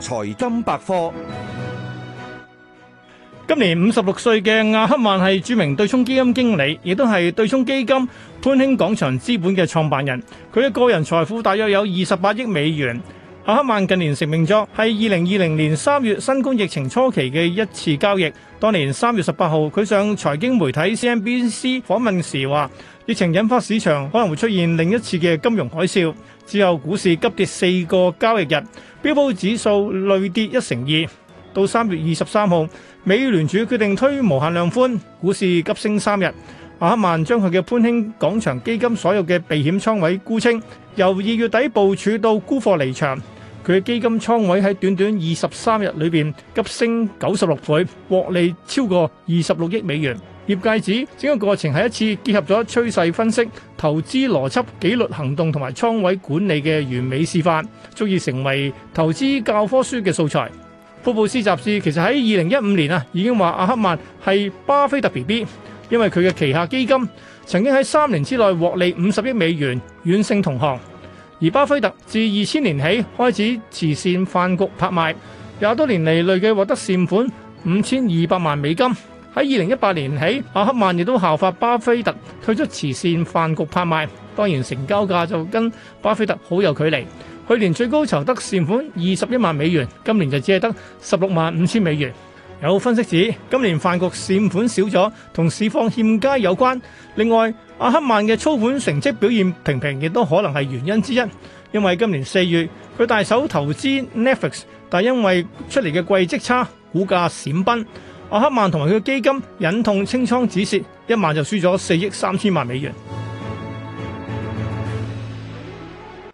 財金百科，今年五十六歲嘅亞克曼係著名對沖基金經理，亦都係對沖基金潘興廣場資本嘅創辦人。佢嘅個人財富大約有二十八億美元。阿克曼近年成名作係2020年3月新冠疫情初期嘅一次交易。當年3月18號，佢上財經媒體 CNBC 訪問時話：疫情引發市場可能會出現另一次嘅金融海嘯。之後股市急跌四個交易日，標普指數累跌一成二。到3月23號，美聯儲決定推無限量寬，股市急升三日。阿克曼將佢嘅潘興廣場基金所有嘅避險倉位沽清，由二月底部署到沽貨離場。佢嘅基金倉位喺短短二十三日裏邊急升九十六倍，獲利超過二十六億美元。業界指整個過程係一次結合咗趨勢分析、投資邏輯、紀律行動同埋倉位管理嘅完美示範，足以成為投資教科書嘅素材。《福布斯》雜誌其實喺二零一五年啊已經話阿克曼係巴菲特 BB，因為佢嘅旗下基金曾經喺三年之內獲利五十億美元，遠勝同行。而巴菲特自二千年起開始慈善飯局拍賣，廿多年嚟累計獲得善款五千二百萬美金。喺二零一八年起，阿克曼亦都效法巴菲特推出慈善飯局拍賣，當然成交價就跟巴菲特好有距離。去年最高籌得善款二十一萬美元，今年就只係得十六萬五千美元。有分析指今年飯局善款少咗，同市況欠佳有關。另外，阿克曼嘅操盤成績表現平平，亦都可能係原因之一。因為今年四月，佢大手投資 Netflix，但因為出嚟嘅季績差，股價閃崩。阿克曼同埋佢基金忍痛清倉止蝕，一晚就輸咗四億三千萬美元。